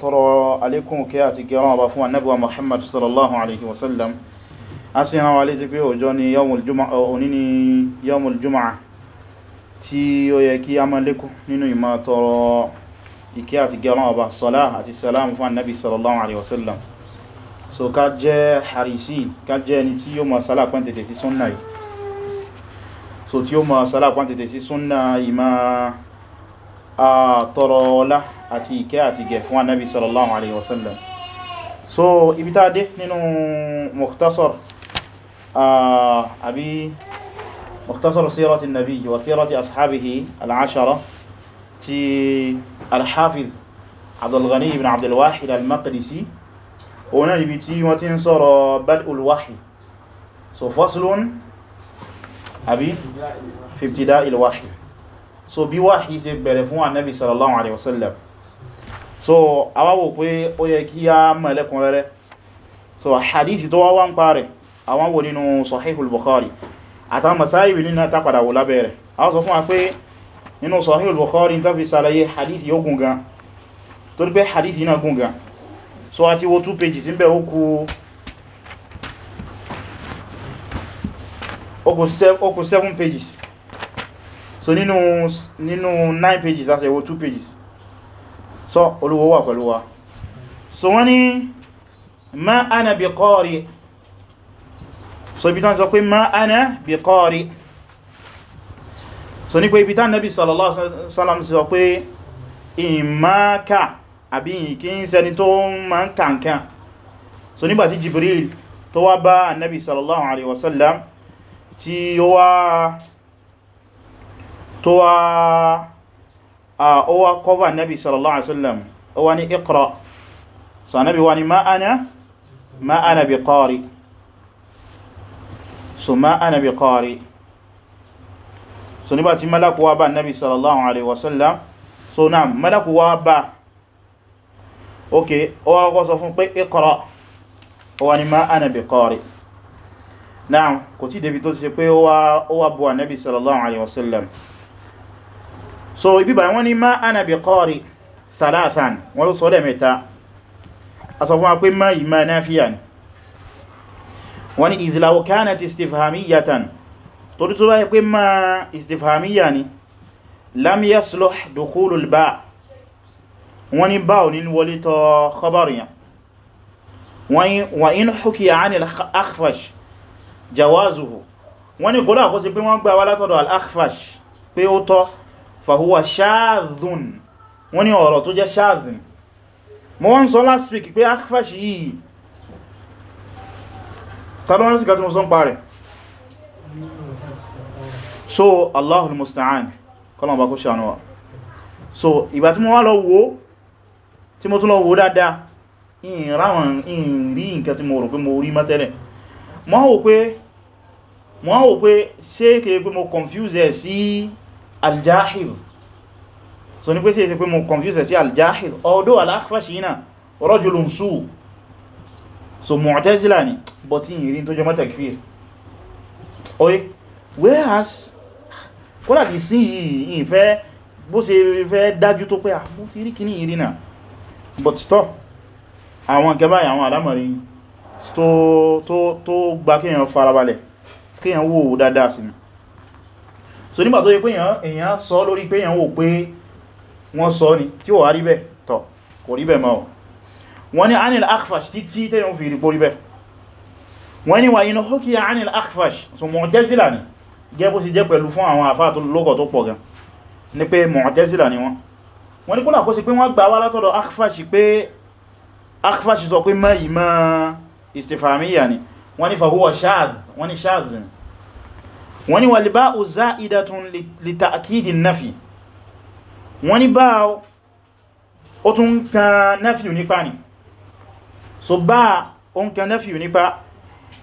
tọrọ alékún kí àti kí ọlọ́wọ́ bá fún Ànábì wa Muhammad sallallahu alaihi wasallam a sì rán wa létí pé ọjọ́ ni òní ni yawmul juma'a tí ó yẹ kí a máa lékún nínú ìmá tọrọ ìkẹ́ àti gẹ́ ọlọ́wọ́ bá sọ́lá àti sàlámù fún Ànábì sallallahu alaihi wasallam so ká jẹ́ harisin ká jẹ́ ẹni tí yóò máa sálà pẹ́ sí súnnà so tí yóò máa sálà pẹ́ sí súnnà ìmá tọrọ ọlá àti ìkẹ́ àti gẹ̀ fún anábi sallallahu alaihi wasallam so ibi tá dé nínú mukhtasar àbí mukhtasar sírati nabi wa sírati ashabihi al'ashara ti al-hafiz abdulghani ibn abdulwahid al-maqdisi òun náà ibi tí wọ́n ti ń sọ̀rọ̀ bad'ul wahyi so faslun àbí fi ibtida'il wahyi so bí wahyi ṣe bẹ̀rẹ̀ fún annabi sallallahu alaihi wasallam so awáwò pé ó yẹ kí a mọ̀ ẹlẹ́kùn rẹ̀rẹ̀ so hadithi tó wá wá ń pa rẹ̀ àwọn wò nínú sahihul bukhari àtàwọn masáyìí nínú tapadà wò lábẹ́rẹ̀ àwọn sọ fún wa pé nínú sahihul bukhari tó fi sàlàyé hadithi yóò gùn gan torí pé hadithi náà gùn so a ti wo 2 pages ń bẹ̀ ó kù ó kù pages so nínú nine pages a ṣe wo 2 pages so olúwa wà pẹ̀lú wa so wọ́n ni ma ana bi qari so ibi tán sọ pé ma ana bi qari so ní pé ibi tán nabi sallallahu alaihi wasallam sọ pé imaka àbí kí ń sẹni tó ma ń kankan so nígbàtí jibril tó wá bá annabi sallallahu alaihi wasallam tí wá tó wá Ah, ó wá kọ́và nabi sallallahu alaihi wasallam ó wá ní iqra so nabi wá ní ma ana ma ana bi qari so ma ana bi qari so nígbà tí malaku wá bá nabi sallallahu alaihi wasallam so na malaku wá bá ó wá kọ́ sọ fún pé iqra ó wá ní ma bi qari náà kò tí débi tó ti ṣe pé ó wá bú wa nabi sallallahu alaihi so ibi bá wọ́n ní ma ana bi qari thalathan wọ́n ló sọ dẹ̀ mẹ́ta a sọ fún wa pé ma yìí ma nafiya ni wọ́n ní izlaw kanat istifhamiyatan torí tó bá yẹ pé ma istifhamiyya ni lam yasluh dukhulul ba wọ́n ní báwọn ní wọlé tọ khabariyan wa in hukiya anil akhfash jawazuhu wọ́n ní kódà kó sí pé wọ́n gbà wá látọ̀dọ̀ al akhfash pé fàhúwà ṣáàzùn wọ́n ní ọ̀rọ̀ tó jẹ́ ṣáàzùn mo wọ́n sọ last week pé akfashi yìí tàbí síkà tí mo sọ ń parẹ̀ so allahul musta'an kọlọ̀n bá kó so ìgbà tí mo wá lọ wo tí mo tún lọ wo dáadáa ìràwọn ìrí nǹkan tí mo rò pé mo rí mọ́tẹ́lẹ̀ mo mo confuse ẹ̀ sí aljahir so ní pé sí èsì pé mo confuse sí aljahir although al-Akhfashi náà rajulun su so Mu'tazila ni but yìnrin tó jẹ mọ́ takfir oye whereas kọ́lá ti sí yìí ìfẹ́ bó ṣe fẹ́ dájú tó pé àmú ah, ti rí kìí ìrìn náà but stop àwọn gẹba àwọn alámọ̀rí tó gbá kíyàn farabalẹ̀ kíyàn wò dáadáa sí ni so nígbà tó yẹ pé èyàn sọ lórí pé èyàn wò pé wọ́n sọ ni tí ó rí bẹ́ tọ̀ kò rí bẹ́ ma ọ̀ wọ́n ni anil akhfash títí tẹ́yàn fi rí bẹ́ wọ́n ni wà iná hókí anil akhfash so mu'tazila ni gẹ́ bó sì jẹ́ pẹ̀lú fún àwọn àfáà tó lọ́gọ̀ tó pọ̀ gan ni wọ́n ní walba'u za'idatun li ta'kidi nafi wọ́n ní bá ó tún kan nafi nípa ni so bá ó ń kan nafi nípa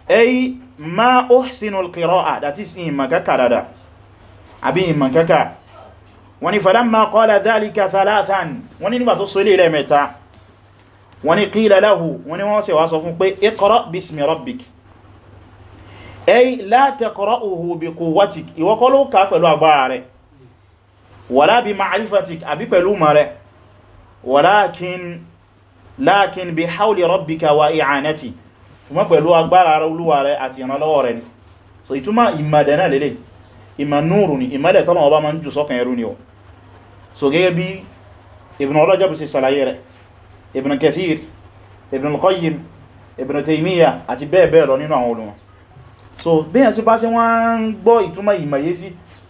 ay ma uhsinu al-qira'a that is in makaka dada àbí in makaka wọ́n ní falamma qala dhalika thalathan wọ́n ní nígbà tó rẹ̀ mẹ́ta wọ́n ní qila ay la taqra'uhu bi quwwatik ìwọ kọ́ ló kà pẹ̀lú agbára rẹ̀ wala bi ma'rifatik àbí pẹ̀lú mọ̀ rẹ̀ walakin lakin bi hawli rabbika wa i'anati ṣùgbọ́n pẹ̀lú agbára rẹ̀ olúwa rẹ̀ àti ìrànlọ́wọ́ rẹ̀ ni so ìtumọ̀ ìmọ̀dẹ̀nà lélẹ̀ ìmọ̀ núrù ni ìmọ̀dẹ̀ tọ́lọ̀ ọba ma ń jù ibn al-Qayyim ibn Taymiyyah àti bẹ́ẹ̀ bẹ́ẹ̀ lọ nínú àwọn so bẹ́yàn sí bá ṣe wọ́n ń gbọ́ ìtumọ̀ ìmọ̀ye sí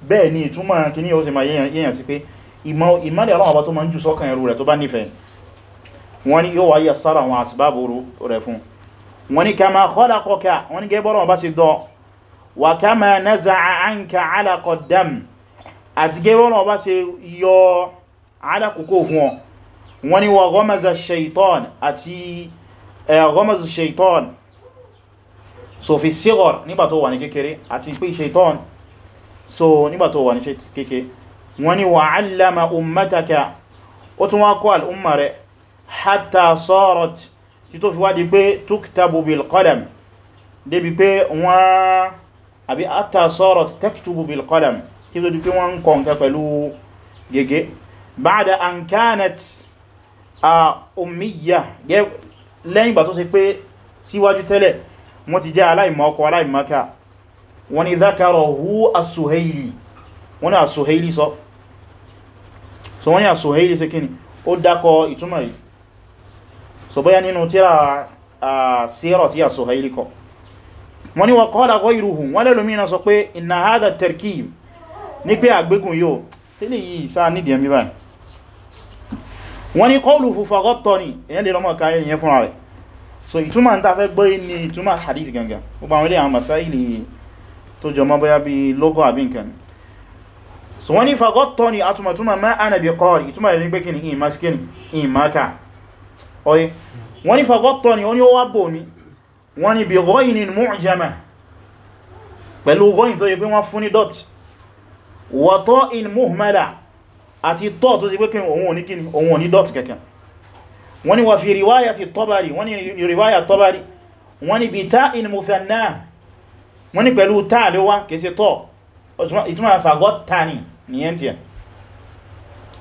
bẹ́ẹ̀ ni ìtumọ̀ kìíní ó sì ma yíyàn sí pé ìmọ̀lẹ̀ aláwọ̀ bá tó ma ń jù sọ́kàn ẹrù rẹ̀ tó bá nífẹ̀ẹ́ wọ́n ni yóò wáyé sára àwọn àsìbábò rẹ̀ fún wọ́n ni kama khalaqaka wọ́n ni gẹ́bọ́rọ̀ bá sì dọ́ wà kama naza'a àti gẹ́bọ́rọ̀ bá sì so fi sígọ̀r nígbà tó wà ní kékeré àti pé ṣetán so nígbà tó wà ní kékeré wọ́n ni wa allama ummataka ó tún wá kọ́ al'umma rẹ̀ hatta sarat tí tó fi wá di pé tuktabu bil qalam débi pé wọ́n àbí hatta sarat taktubu bil qalam tí tó di pé wọ́n kọ nǹkan pẹ̀lú gègé ba'da an kanat a ummiya lẹ́yìn gbà tó ṣe pé síwájú tẹ́lẹ̀ wọ́n ti jẹ́ aláìmọ̀ ọkọ aláìmọ̀ká wọ́n ni dhakarahu as-Suhaili wọ́n ni as-Suhaili sọ so wọ́n ni as-Suhaili sí kíni ó dákọ ìtumọ̀ yìí so bóyá nínú tíra síra tí as-Suhaili kọ wọ́n ni wa qala ghayruhum wọ́n lẹ́lòmínà sọ pé inna hadha at-tarkib ní pé àgbégùn yóò tí lè yìí sáà nídìí ẹmí báyìí wọ́n ni qawluhu faghṭṭani èyàn lè lọ́mọ̀ káyẹ̀ yẹn fúnra rẹ̀ so ìtumọ̀ ń tafẹ́ gbọ́ ní ìtumọ̀ hadith gangan gbogbo àwọn ilé àwọn masáìlì tó jọ mọ́ bóyá bí logo àbí nǹkan so wọ́n ní fagọ́tọ́ ni atùmọ̀túnmọ̀ má a nàbí kọ́ọ̀rì ìtumọ̀ rẹ̀ ní pé kí ni ìyìn maskin ìyìn maka oye wọ́n ní fagọ́tọ́ ni ó ní ó wá bò mí wọ́n ní bí gọ́yìn ni mu'jama pẹ̀lú wọ́n ni wà fi riwaya ti tọ́bari wọ́n ni riwaya tọ́bari wọ́n ni bí ta in muthanna wọ́n ni pẹ̀lú ta lówá kèsè tọ́ ìtumọ̀ àfà gọ́ta ni nìyẹn tí ẹ̀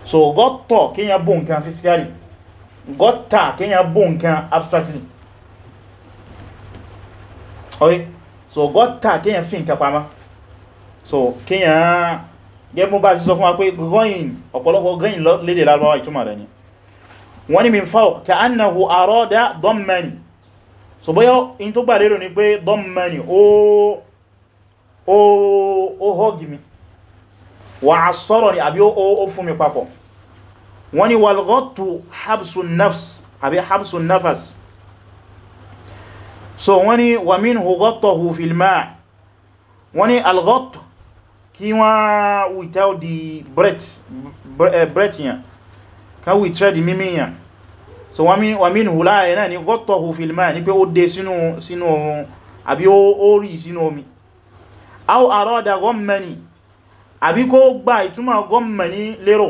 so gọ́tọ̀ kíyàn bó nǹkan physically gọ́ta kíyàn bó nǹkan abstractly okay so gọ́ta kíyàn fi nǹkan pamá so kíyàn gẹ́gbọ́n bá ti sọ fún wa pé gọ́yìn ọ̀pọ̀lọpọ̀ gọ́yìn lédè lárúbáwá ìtumọ̀ rẹ̀ ni wọ́n ni min fawq ka annahu arada dammani so bóyá in tó gbà lérò ní pé dammani ó hógi mi wà asọ́rọ̀ ni àbí ó fún mi papọ̀ wọ́n ni walgọ́tù habsun nafs àbí habsun nafas so wọ́n ni wà mín hùgọ́tọ̀hù filmá wọ́n ni algọ́tù kí wọ́n without káwì trẹ́dì mímìyàn so wàmín hùlá ẹ̀ náà ni gọ́tọ̀hù filmá ní pé ó dé sínú oòrùn àbí ó rí sínú omi aw àrọ́dà gọ́mmẹ̀ni àbí kó gba ìtumọ̀ gọ́mmẹ̀ni lérò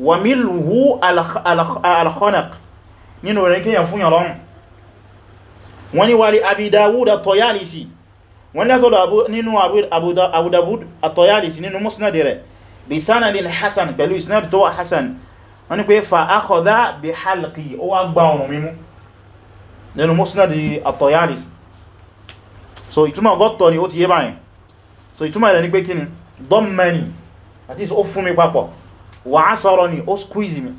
wàmín hù alkhanaq nínú rẹ̀ kíyàn fún yàrán wọ́n ni wà ní Abi Dawud at-Tayalisi wọ́n lẹ́tọ̀dọ̀ nínú Abu Dawud at-Tayalisi nínú musnad rẹ̀ bi sanadin hasan pẹ̀lú isnad tó wà hasan wọ́n ni pé fa akọ̀dá bí halki ó wá gba ọrùn mímú nínú musnad at so ìtumọ̀ gọ́tọ̀ ni ó ti yé báyìí so ìtumọ̀ rẹ̀ ni pé kíni dọ́mmẹ́ni àti ó fún mi papọ̀ wà á sọ́rọ̀ ni ó squeeze mi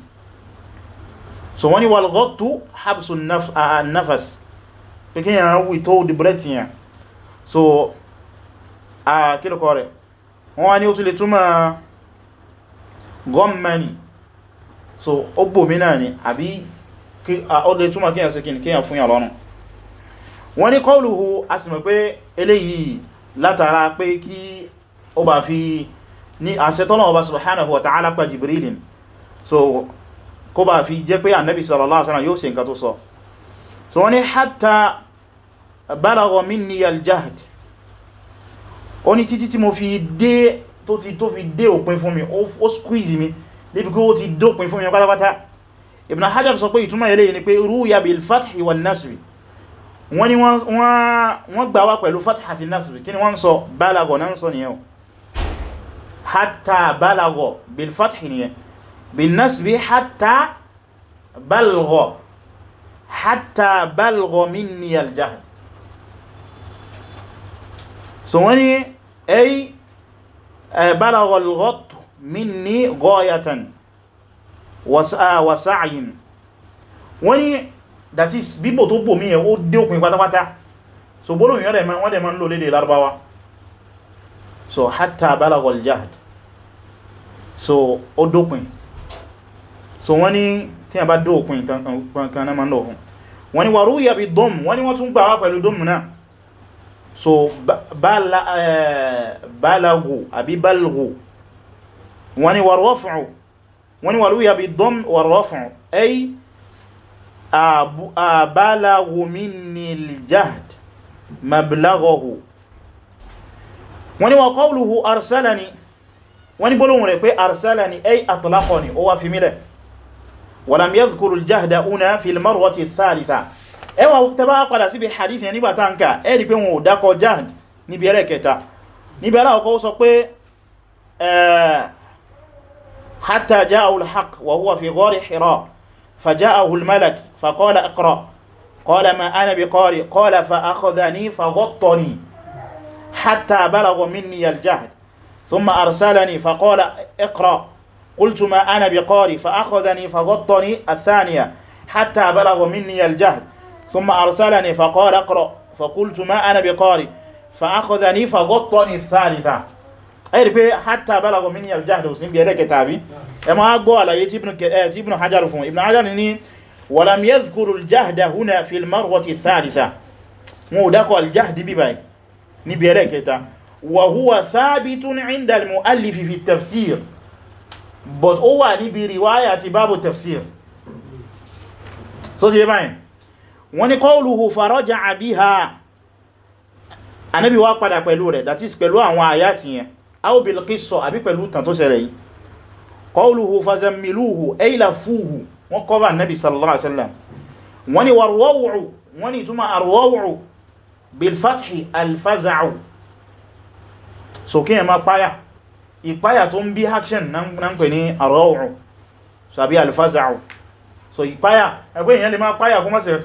so wọ́n ni wal ghottu habsu nafas pé kí yàn wí tó di breath yàn so a kílùkọ rẹ̀ wọ́n wá ní ó tún lè túnmọ̀ gọ́mmẹ́ni so ó bòmí náà ni àbí ọdẹ túnmà kíyàn sí kíyàn fún yàn lọ́nà wọ́n ní qawluhu a sì mọ̀ pé eléyìí látara pé kí ó bá fi ní àṣẹtọ́lọ̀ ọba subhanahu wa pa jibrilin so kó bá fi jẹ́ pé annabi sallallahu alaihi so wọ́n ní hatta balagha minni al-jahd ó ní títí tí mo fi dé tó ti tó fi níbi kí ó ti dópin fún yẹn pátápátá Ibn Hajar sọ pé ìtumọ̀ eléyìí ni pé rúyà bil fathi wal nasri wọ́n ni wọ́n gbà wá pẹ̀lú fathi àti nasri kí ni wọ́n sọ bálagọ̀ náà sọ nìyẹn hatta bálagọ̀ bálagọ̀ hatta bálagọ̀ ni ay bálagọ̀ minni ghayatan wa ah, sa'yin wọ́n ní that is bíbò tó bò mí ẹ̀ ó dé òpin pátápátá so bólóyìn wọ́n dẹ̀ ma ń lò lédè lárúbáwá so hatta balaghal jahd so ó dópin so wọ́n ní tí a bá dópin kan náà ma ń lọ fún wọ́n ní wàrú yàbí dom wọ́n ní wọ́n tún gbà wá dom náà so eh, balagu àbí balagu wọ́n ni warọ́fùn wọ́n ni wàlúwà bí dọ́m warọ́fùn ay àbálàwò minil jahd mablaghahu wọ́n ni wà qawluhu arsalani wọ́n ni gbólóhùn rẹ̀ pé arsalani ay atlaqani ó wá fi mílẹ̀ walam yadhkuru al-jahda una fi al-marwati ath-thalitha ẹwà tẹbá padà síbi hadith yẹn nígbà tánkà ẹ́rì pé wọn ò dákọ jahd níbi ẹ̀rẹ́ kẹta níbi aláwọ̀kọ́ sọ pé حتى جاءه الحق وهو في غار حراء فجاءه الملك فقال اقرأ قال ما أنا بقارئ قال فأخذني فغطني حتى بلغ مني الجهد ثم أرسلني فقال اقرأ قلت ما أنا بقارئ فأخذني فغطني الثانية حتى بلغ مني الجهد ثم أرسلني فقال اقرأ فقلت ما أنا بقارئ فأخذني فغطني الثالثة ẹ̀rì pé hátà bálagọ̀ mí ní aljáhàdù sí bí ẹ̀rẹ́kẹ̀ tàbí ẹ ma gbọ́ àlàyé tí ibn hajjar eh, fún ibn hajjar ní walam yadhkuru aljahda huna fil marwati thalitha wọn ò dákọ̀ aljahdi bíbá ní bí ẹ̀rẹ́kẹta wa huwa but ó wà níbi riwaya ti babu tafsir so ti báyìí wọ́n ni qawluhu faraja'a biha anabi wá padà aw bil qissa àbí pẹ̀lú tàn tó ṣẹlẹ̀ yìí qawluhu fazammiluhu ay lafuhu wọ́n kọ́ bá nabi sallallahu alaihi wasallam wọ́n ni warwọ́wọ́ wọ́n ni túnmà arwọ́wọ́ bil fathi alfaza'u ìpáyà tó ń bí action na ń pè ní arwọ́wọ́ so àbí alfaza'u so ìpáyà ẹgbẹ́ èèyàn lè máa páyà kó mọ́sẹ̀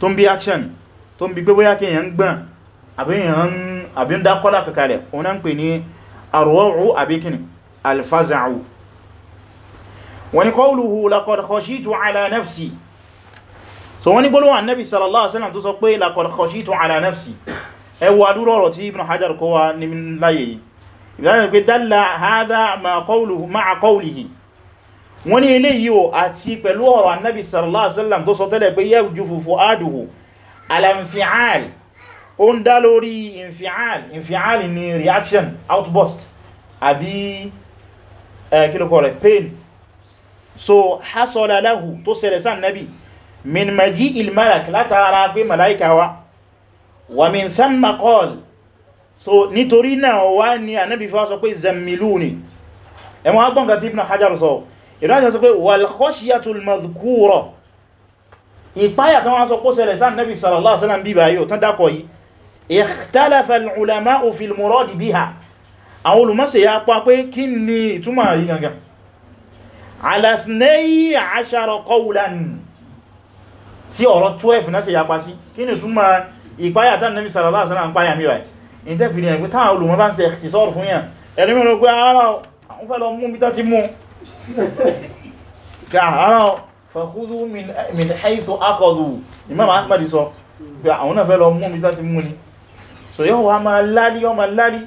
tó ń bí action tó ń bí kí èèyàn gbọ́n àbí ń dákọ́lá kakalẹ̀ òun náà ń pè ní arwa'u àbíkini alfaza'u wani qawluhu laqad khashitu ala nafsi so wani gbọ́lọ́wọ́ annabi sallallahu alaihi wasallam tó sọ pé laqad khashitu ala nafsi ẹwà dúró ọ̀rọ̀ tí ibn hajar kó wa ní láyé yìí ìdájọ́ pé dalla hadha ma'a qawlihi wọ́n ní ilé yíò àti pẹ̀lú ọ̀rọ̀ annabi sallallahu alaihi wasallam tó sọ tẹ́lẹ̀ pé yẹ́ jufufu aduhu ó ń dá lórí infial infial ni reaction outburst àbí kílùkọ̀ rẹ̀ pain so hasala lahu tó ṣẹlẹ̀ sáà nabi min maji ilmalak látara pé malaika wa wa min thamma qal so nítorí náà wá ní anábi fásọ sọ pé zammiluni ẹmọ agbọ́nkà tí ibn hajar sọ ìdájọ́ sọ pé wal khashyatul madhkura ìpáyà tán wá sọ kó ṣẹlẹ̀ sáà nabi sallallahu alaihi bíbáyò tán dákọ̀ yìí ikhtalafa al-ulama'u fil muradi biha àwọn olùmọ́sẹ̀ ya pa pé kí ni ìtumọ̀ yìí gangan ala ithnay ashara qawlan sí ọ̀rọ̀ 12 náà sì ya pa sí kí ni ìtumọ̀ ìpáyà tán nabi sallallahu alaihi wasallam ń páyà mìíràn ìtẹ́fìdí ẹ̀gbẹ́ táwọn olùmọ́ bá ń ṣe ìtìsọ́rù fún yàn ẹ̀lẹ́mìíràn pé ara ah, àwọn fẹ́ lọ mú bí tán ti mú ka so yóò wá máa lárí yóò máa lárí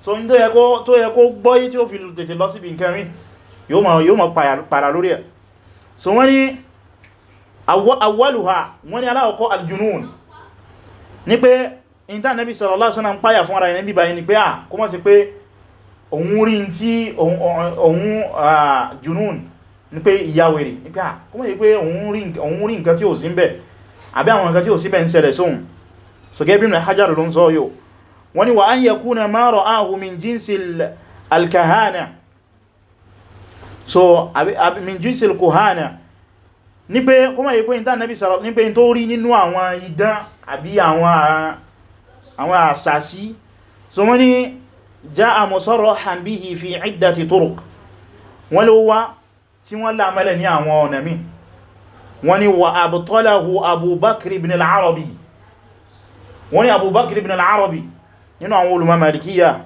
so ní tó yẹ kó gbọ́yé tí ó fi tètè lọ síbi nǹkan rí yóò máa pàrà lórí ẹ̀ so wọ́n ni awwaluha wọ́n ni aláwọ̀kọ́ aljunun ní pé ìntà nẹ́bí sallallahu alaihi wasallam ń páyà fún ara ẹni bíbá yìí ni pé à kó mọ́ sí pé òun rí tí òun junun ní pé ìyàwèrè ní pé à kó mọ́ sí pé òun rí nǹkan tí ò sí ń bẹ̀ àbí àwọn nǹkan tí ò sí bẹ̀ ń ṣẹlẹ̀ sóhun so gẹ́bí ibn Hajar ló ń sọ yóò wọ́n ni wà án yakuna ma ra'ahu min jinsi so min jinsi alkuhana ní pé kó máa yí pé ní tán nábì sọ̀rọ̀ ní pé ní tó rí nínú àwọn idán àbí àwọn àsàsí so wọ́n ni ja'a musarrahan bihi fi iddati turuq wọ́n ló wá tí wọ́n lámẹ́lẹ̀ ní àwọn ọ̀nà wọ́n ni wà abtalahu Abu ibn al-Arabi wọ́n ní abubakar ibn al-arabi nínú àwọn olùmọ̀ malikiya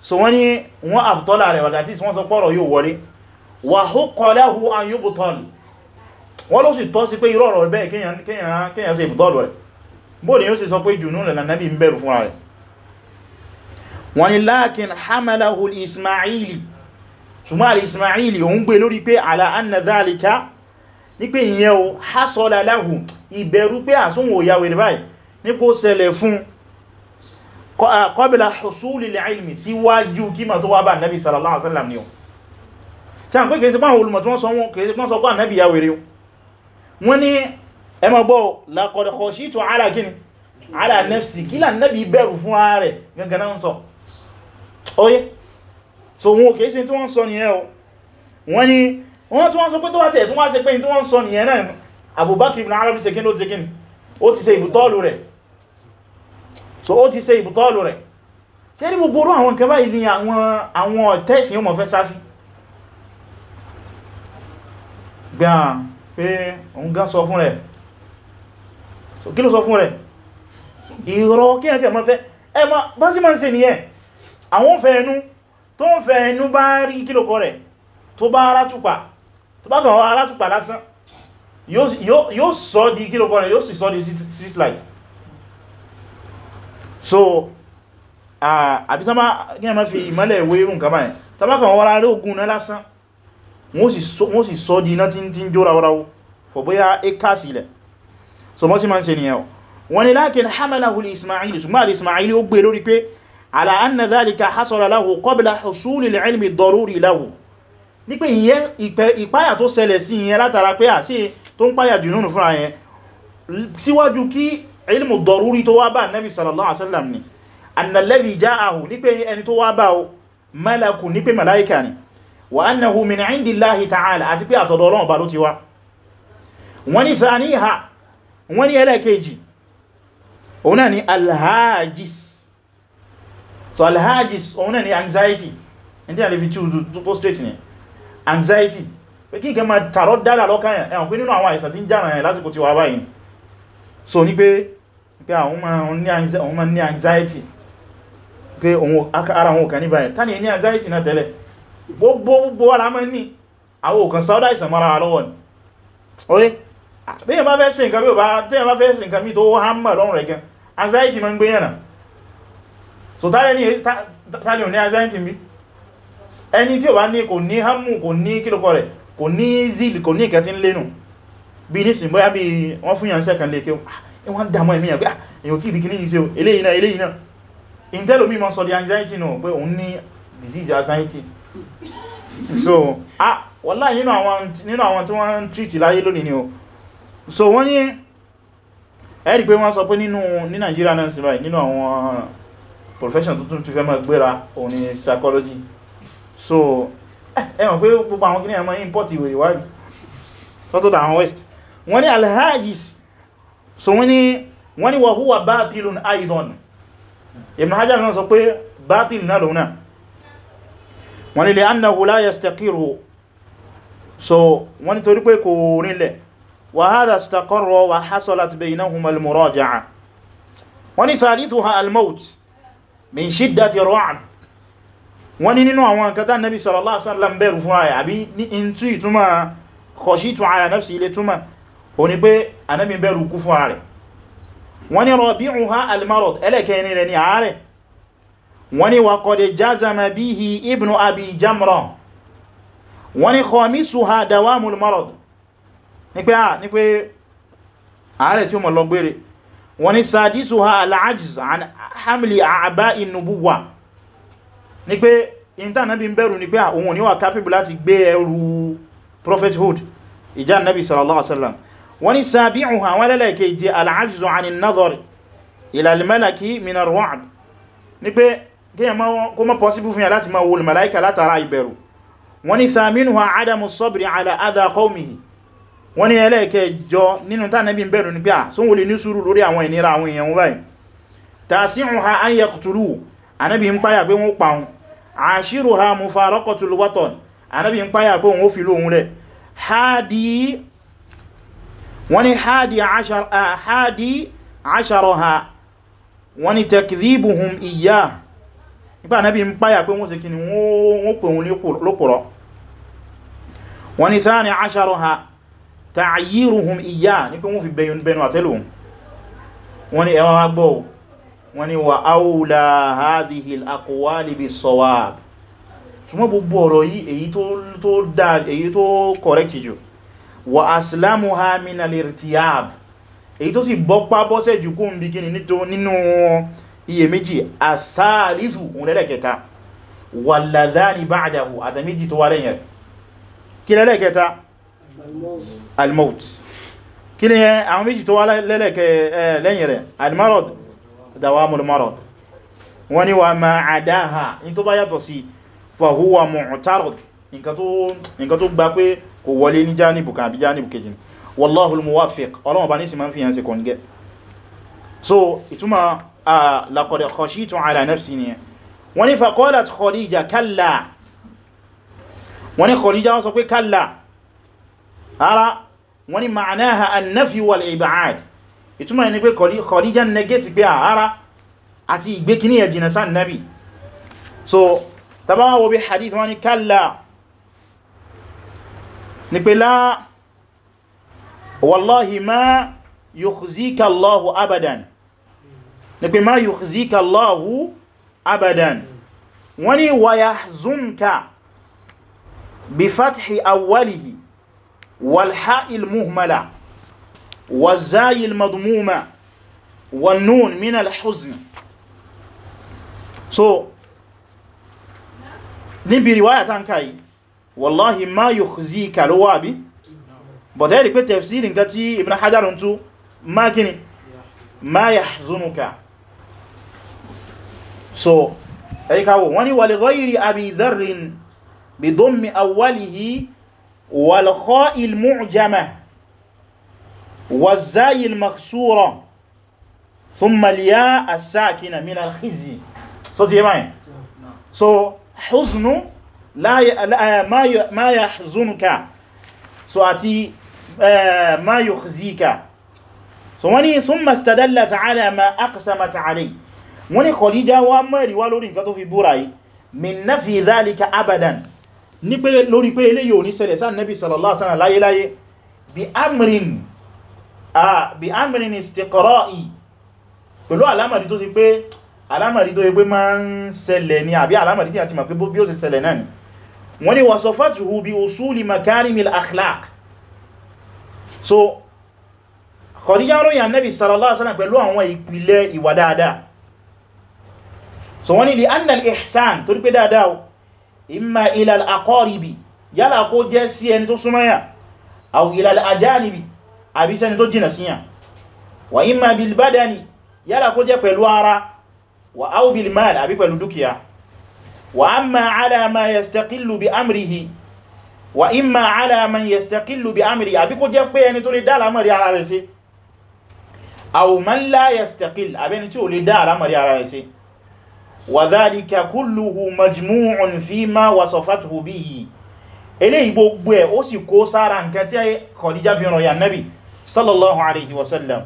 so wọ́n ní wọ́n àbútọ́lá rẹ̀ wàgàtí wọ́n sọ pọ́rọ̀ yóò wọlé wà hukka lahu an yubtal wọ́n ló sì tọ́ sí pé irú ọ̀rọ̀ bẹ́ẹ̀ kíyàn sí ìbútọ́l rẹ̀ bóòlì yóò sì sọ pé jùnú rẹ̀ lànàbí ń bẹ̀rù fúnra rẹ̀ wọ́n ní lakin hamalahu ismaili ṣùgbọ́n al-ismaili òun gbé ìyẹn o hasala lahu ìbẹ̀rù pé àsúnwò yàwó rẹ̀ nípò ṣẹlẹ̀ fún qabla husuli al-ilmi síwájú kí ma tó wá bá nabi sallallahu alaihi wasallam ni o tí a ń pé kèsí pàwọn olùmọ̀ tí wọ́n sọ wọn kèsí pàwọn sọ pàwọn nẹ́bí ya wèrè wọ́n ní ẹmọ gbọ́ laqad khashitu ala kíni ala nafsi kílà nẹ́bí bẹ̀rù fún ààrẹ gangan náà ń sọ oye so wọn kèsí tí wọ́n sọ nìyẹn o wọ́n ní wọ́n tí wọ́n pé tó wá tẹ̀ tí wọ́n sọ pé tí wọ́n sọ nìyẹn náà Abubakar ibn Arabi sekin ló ti sekin ó rẹ̀ so ó ti ṣe ìbútọ́ọ̀lù rẹ̀ ṣe ní gbogbo orú àwọn nǹkan báyìí ni àwọn ọ̀tẹ́sì yóò mọ̀ fẹ́ sásí gbà pé òun gá sọ fún rẹ̀ so kí ló sọ fún rẹ̀ ìrọ̀ kí ẹ̀kẹ́ mọ́ fẹ́ ẹ ma bá sí ma ń ṣe nìyẹn àwọn fẹ́ ẹnu tó ń fẹ́ ẹnu bá rí kílòkọ rẹ̀ tó bá arátùpà tó bá kàn arátùpà lásán yóò sọ di kílòkọ rẹ̀ yóò sì sọ di street so àbí tán bá kí a máa fi ìmọ́lẹ̀ ìwé irun kàmá ẹ̀ tàbá kan wọ́n rárá ogun náà lásán wọ́n sì sọ di iná tí ń jó ráúráú fọ̀bọ́yá ẹka sílẹ̀ so mọ́ sí ma ń ṣe nìyàn wọ́n ni lákin hamalahu ismaili ṣùgbọ́n àti ismaili ó gbé lórí pé ala anna dhalika hasara lahu qabla husuli al-ilmi daruri lahu ní pé ìyẹn ìpáyà tó ilmu dọ̀rúrí tó wá bá nabi sallallahu alaihi wasallam ni annalladhi ja'ahu ní pé ẹni tó wá bá o malaku ní pé malaika ni wa annahu min indillahi ta'ala àti pé àtọ̀dọ̀ Ọlọ́run bá ló ti wá wọ́n ní thaniha wọ́n ní ni alhajis so alhajis òun náà ni anxiety ẹni a lè fi tí ó tó straight ni anxiety pé kí n kẹ ma tààrọ dára lọ́kàn ẹ̀wọ̀n pé nínú àwọn àìsàn tí ń jára ẹ̀ lásìkò tí wà báyìí so ní pé pé àwọn ma ní anxiety pé ara wọn kà ní báyìí tani ní anxiety náà tẹ́lẹ̀ gbogbo gbogbo ara ní àwọn òkàn sáúdá ìsànmọ́ra lọ́wọ́ ni oye bí i bá fẹ́ sí nǹkan bí i bá fẹ́ sí anxiety ma ń gbé so ta ní tààrẹ ní anxiety bí ẹni tí bá ní kò ní kò ní kílùkọ rẹ̀ kò ní kò ní ìkẹtí lénu bí bóyá ẹ wọ́n dámọ́ ẹ̀mí ẹ̀gbẹ́ ah, èyàn tí ìdíkì ní ìṣe eléyìí náà eléyìí náà in tẹ́lò sọ di anxiety náà pé òun ní disease anxiety so ah wallahi nínú àwọn tí wọ́n ń treat láyé lónìí ni o so wọ́n ní ẹ̀rí pé wọ́n sọ pé nínú ní Nigeria náà sí báyìí nínú àwọn profession tó tún ti fẹ́ máa gbéra òun ni psychology so eh, ẹ mọ̀ pé gbogbo àwọn kìnnìyàn máa import ìwé ìwádìí sọ́tọ̀dọ̀ àwọn west wọ́n ní alhajis so wọ́n ni wọ́n ni wa huwa batilun aidan ibn hajjar náà sọ pé batil náà lòun náà wọ́n ni li'annahu la yastaqiru so wọ́n ni torí pé kò rinlẹ̀ wa hadha istaqarra wa hasalat baynahuma al-muraja'a wọ́n ni thalithuha al wọ́n ni nínú àwọn nǹkan o ni pé Ànábì bẹ̀rù kú fún ààrẹ wọ́n ni rabi'uha al-marad ẹlẹ́kẹ́ni rẹ̀ ni ààrẹ wọ́n ni wa qad jazama bihi ibnu abi jamra wọ́n ni khamisuha dawamul marad ni pé a ah, ni pé ààrẹ tí ó mọ̀ lọ wọ́n ni sadisuha al-ajz an hamli a'ba'i nubuwa ni pé ìntà nábi ń bẹ̀rù ni pé àwọn ah, òníwà capable láti gbé ẹrù prophethood ìjà nábi sallallahu alaihi wasallam wọ́n ni sàbíhùn àwọn alẹ́lẹ́kejì al-ajzu 'ani an-nadhar ila al-malaki min ar-ru'b ní pé kí ẹ kó mọ́ pọ́síbù fún yà láti máa wòl mẹ́láíkà látara ìbẹ̀rù wọ́n ni thaminuha 'adamu as-sabri 'ala adha qawmihi wọ́n ni ẹlẹ́kẹjọ nínú tánàbí bẹ̀rù ní pé à ah, sún wòlè ní sùúrù lórí àwọn ìnira àwọn èèyàn báyìí tasi'uha an yaqtulu anábi ń páyà pé wọ́n pàun ashiruha mufaraqatul watan anábi ń páyà pé wọ́n fi lóhun rẹ̀ hadi wọ́n ni hadi asharaha wọ́n ni takdhibuhum iya nípa nábi ń páyà pé wọ́n ṣe kí ni wọ́n pè wọn lópùrọ́ wọ́n ni thani asharaha ta'yiruhum iya ní pé wọ́n fi bẹnu àtẹ́lù wọ́n ni ẹwà gbọ́ wọ́n ni wa awla hadhihi al-aqwali ṣùgbọ́n gbogbo ọ̀rọ̀ yìí èyí tó correct jù wa aslamuha min al-irtiyab èyí tó sì bọ́pá bọ́sẹ̀ jù kún bí kíni nínú iyèméjì asáàlìsù òunlẹ́lẹ́kẹta walladhani ba'dahu àtàméjì tó wà lẹ́yìn rẹ̀ kí lẹ́lẹ́kẹta almout kí ni àwọn méjì tó wà lẹ́yìn rẹ̀ almarod dawamul marod wọ́n in tó bá yàtọ̀ sí kò wọlé ní jánìbù kan àbí jánìbù kejì ni wallahu al-muwaffiq so ìtumọ̀ laqad khashitu ala nafsi ni wọ́n ní faqalat Khadija kalla wọ́n ní Khadija wọ́n sọ pé kalla ara wọ́n ní ma'naha an-nafyu wal-ib'ad ìtumọ̀ ni pé Khadija negate pé ara àti ìgbé kíní ẹ̀jìnà sáà nabi so tabawa wo bí hadith wọ́n ní kalla ni pé láà wallahi ma yukhzika Allahu abadan ni pé ma yukhzika Allahu abadan wani wa yahzunka bi fathi awwalihi wal ha'il muhmala wal zayil madmuma wal nun min al huzn so níbi riwaya ta ń wallahi ma yukhzika ló wà bí but ẹ́rì pé tafsiri nǹkan tí Ibn Hajar ń tú ma kíni ma yahzunuka so ẹ̀yí káwò wọ́n ni wa li Abi Dharrin bi dhammi awwalihi wal kha'i al mu'jama wal zayi al maksura thumma al ya as sakina min al khizi so ti yẹ báyìí so huznu Eh, ma yahzunuka so àti eh, ma yukhzika so wani summa istadalla ta'ala ma aqsamata alayhi wani Khadija wá mẹ́rin wá lórí nǹkan tó fi búra yìí min nafi dhalika abadan ní pé lórí pé eléyìí ò ní ṣẹlẹ̀ sáà nabi sallallahu alaihi wasallam láyéláyé bi amrin a bi amrin istiqra'i pẹ̀lú alamari tó ti pé alamari tó yẹ pé máa ń ṣẹlẹ̀ ni àbí alamari tí a ti mọ̀ pé bí ó ṣe ṣẹlẹ̀ náà wọ́n ni wasafatuhu bi usuli makarimil akhlaq so Khadija ròyìn annabi sallallahu alaihi wasallam pẹ̀lú àwọn ìpìlẹ̀ ìwà dáadáa so wọ́n ni li anna al-ihsan torí pé dáadáa imma ila al-aqaribi yálà kó jẹ́ sí ẹni tó súnmọ́yà aw ila al-ajanibi àbí sẹni tó jìnà síyàn wa imma bil badani yálà kó jẹ́ pẹ̀lú ara wa aw bil mal àbí pẹ̀lú dúkìá وأما على ما يستقل بأمره وإما على من يستقل بأمره àbí kó jẹ́ pé ẹni tó lè dá àlámọ̀rí ara rẹ̀ sí أو من لا يستقل àbí ẹni tí ó lè dá àlámọ̀rí ara rẹ̀ sí وذلك كله مجموع فيما وصفته به eléyìí gbogbo ẹ̀ ó sì kó sára nǹkan tí Khadija fi rán ya Nabi sallallahu alaihi wasallam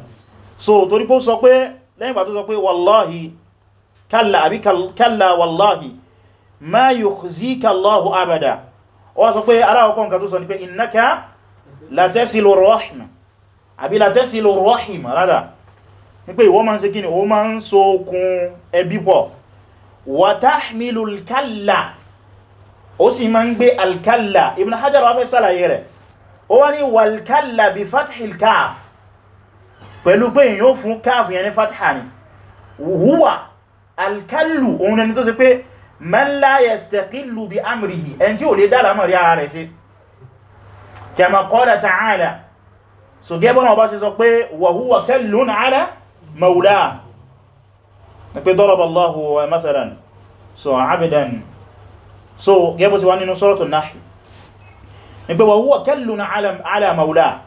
so torí pé ó sọ pé lẹ́yìn bá wallahi kalla àbí kalla wallahi ma yukhzika Allahu abada ó sọ pé aláwọ̀kọ́ nǹkan tó sọ ní pé innaka latasilu rahim àbí latasilu rahim rádà ní pé ìwọ ma ń ṣe kíni o ma ń so kun ẹbí pọ̀ wa tahmilu alkalla ó sì ma ń gbé alkalla Ibn Hajar wá man la yastaqillu bi amrihi ẹn tí ò lè dára mọ̀ rí ara rẹ̀ sí kama qala ta'ala so gẹ́bọ́n ọba sí sọ pé wa huwa kallun ala mawla ni pé daraba Allahu mathalan so abdan so gẹ́bọ́ sí wá nínú suratul Nahl ni pé wa huwa kallun ala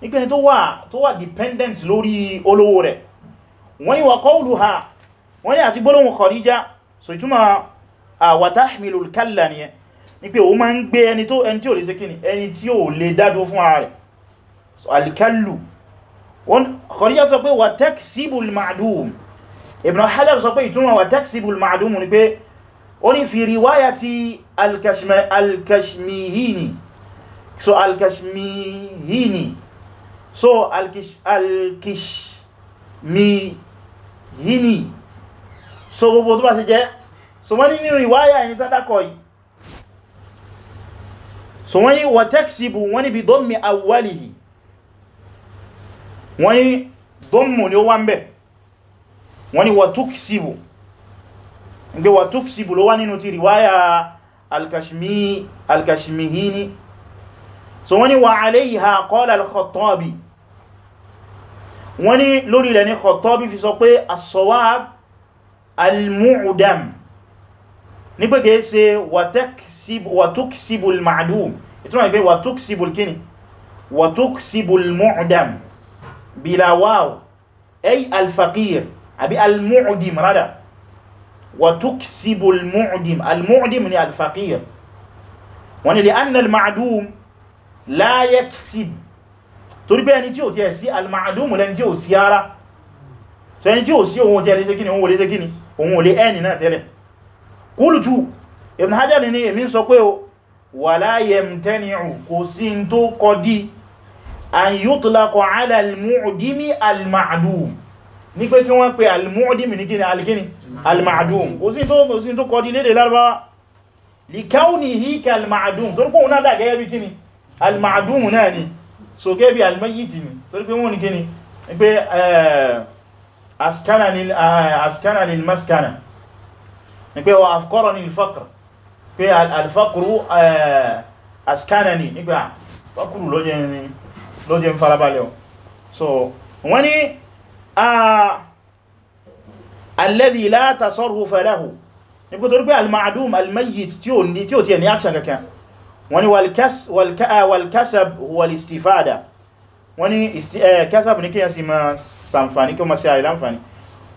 ni pé tó wà dependent lórí olówó rẹ̀ wọ́n ni wa qawluha wọ́n ni àti gbólóhùn Khadija so ìtumọ̀ àwàtáhìmìlò kálà ni ẹ ní pé o máa ń gbé ẹni tí ò lè ṣe kíni ẹni tí ò lè dádó fún ara rẹ̀ alìkálù kọ̀ríyà sọ pé wà tẹ́kṣíbùl ma'adùm Ibn Hajar sọ pé ìtumọ̀ wà tẹ́kṣíbùl ma'adùm ni pé ó ní fi riwáyà ti al so al-Kashmihini so al so gbogbo tó bá ṣe jẹ́ so wọ́n ní ní riwaya yìí tàdákọ̀ yìí so wọ́n ní wa taksibu wọ́n ní bí dọ́mì awwalihi wọ́n ní dọ́mù ni ó wá ń bẹ̀ wọ́n ní wa tuksibu ndé ló wá nínú ti riwaya al so wọ́n ní wa alayha qala al-Khattabi wọ́n ní lórí rẹ̀ ní Khattabi fi sọ pé as-sawab al nígbé kìí ṣe wàtúksibul ma'adum ìtúnmà ìgbé wàtúksibul kíni wàtúksibul mu'dam bilawaw ay alfaqir àbí almu'dim rádà wàtúksibul mu'dim almu'dim ni alfaqir wani li annal ma'adum la yaksib torí bẹ́ẹ̀ ni tí ó tẹ́ sí alma'adum lẹ́ni tí ó sí ara so ẹni tí ó sí ohun tẹ́lẹ́sẹ́kíni ohun olẹ́sẹ́kíni ohun olẹ́ ẹni náà kúlùtù Ibn Hajar ni èmi sọ pé o wala yamtani'u kò sí tó kọdí an yutlaqa ala al-mu'dimi al-ma'dum ní pé kí wọ́n pè al-mu'dimi ní kíni al-kíni al-ma'dum kò sí tó kọdí lédè lárúbáwá li kawnihi kal-ma'dum torí pé wọ́n dà gẹ́gẹ́ bí kíni al-ma'dum náà ni so gẹ́gẹ́ bí al ni torí pé wọ́n ni kíni pé eh, eh, askana lil maskana ní pé wọ́n afkọ́rọ̀ ní alfakr pé alfakru eh, askanani ní pé ah, fakru ló jẹ́ farabalẹ̀ so wọ́n ni alladhi la tasarrufa lahu ní pé torí pé al-ma'dum al-mayyit tí ó tí ẹ̀ ní action kankan wọ́n ni eh, wal-kasab wal-istifada wọ́n eh, ni kasab ní kí yẹn sí ma sàǹfàní kí o ma sí àìlànfàní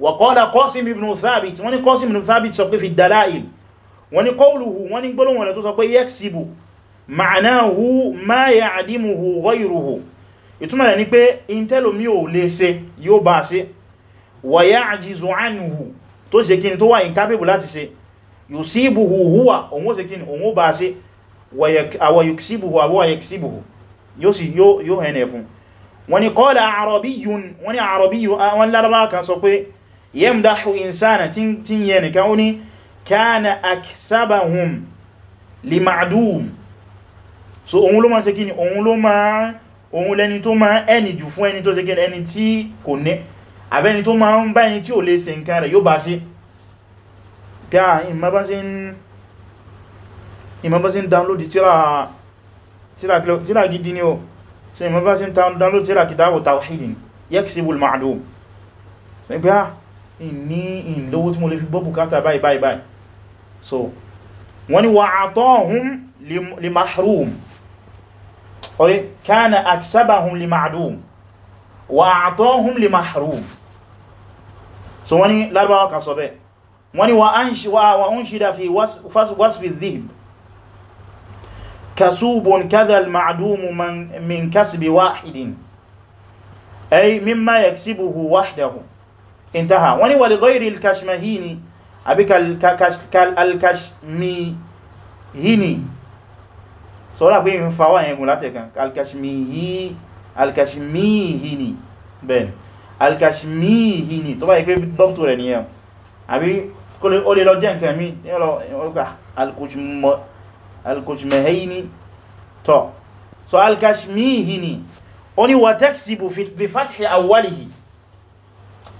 وقال قاسم بن ثابت وني قاسم بن ثابت سوى في الدلائل وني قوله وني قوله ولا تسوى يكسب معناه ما يعدمه غيره ìtumọ̀ rẹ̀ ni pé intelomi ò lè ṣe yóò bá ṣe wa ya'jizu anhu tó ṣe kí ni tó wà incapable láti ṣe yusibuhu huwa òun ó ṣe kí ni òun ó bá ṣe wa yuksibuhu àwọ́ yuksibuhu yóò sì yóò ẹnẹ̀ fún wọ́n ni qala arabiyyun wọ́n ni arabiyyun kan sọ pé yamdahu insana tí ń yẹ nìkan ó ní kana aksabahum li ma'dum so òun ló máa ṣe kíni òun ló máa òun lẹni tó máa ẹni jù fún ẹni tó ṣe kíni ẹni tí kò ní àbẹ́ni tó máa ń bá ẹni tí ò lè ṣe nǹkan rẹ̀ yóò bá ṣe pẹ́à ìmọ́ bá ń download tíra gidi ni o ní ìlówó tí mo lè fi gbọ́ bùkátà báyìí báyìí báyìí so wọ́n ni wà àtọ́hun lè mahrum oye kánà àkísábàhun lè ma'adum wà àtọ́hun lè mahrum so wọ́n ni lárúbáwá ka sọ bẹ́ wọ́n ni wà ń ṣídà fi wasfi dhib kasubun kadhal ma'adum min kasbi wahidin ay mimma yaksibuhu wahdahu intaha wọ́n ni wà lè gọ́ìrì alkashmahini àbí kalkashmihini sọ́rọ̀ pé yìí ń fa wà yẹn gùn látẹ̀kan alkashmihini ben alkashmihini tó bá yìí pé dọ́pù rẹ̀ nìyẹn àbí ó lè lọ jẹ́ nǹkan mi alkashmihini tọ́ so alkashmihini ó ni wà tẹ́ksibù bí fàtíhì awwalihi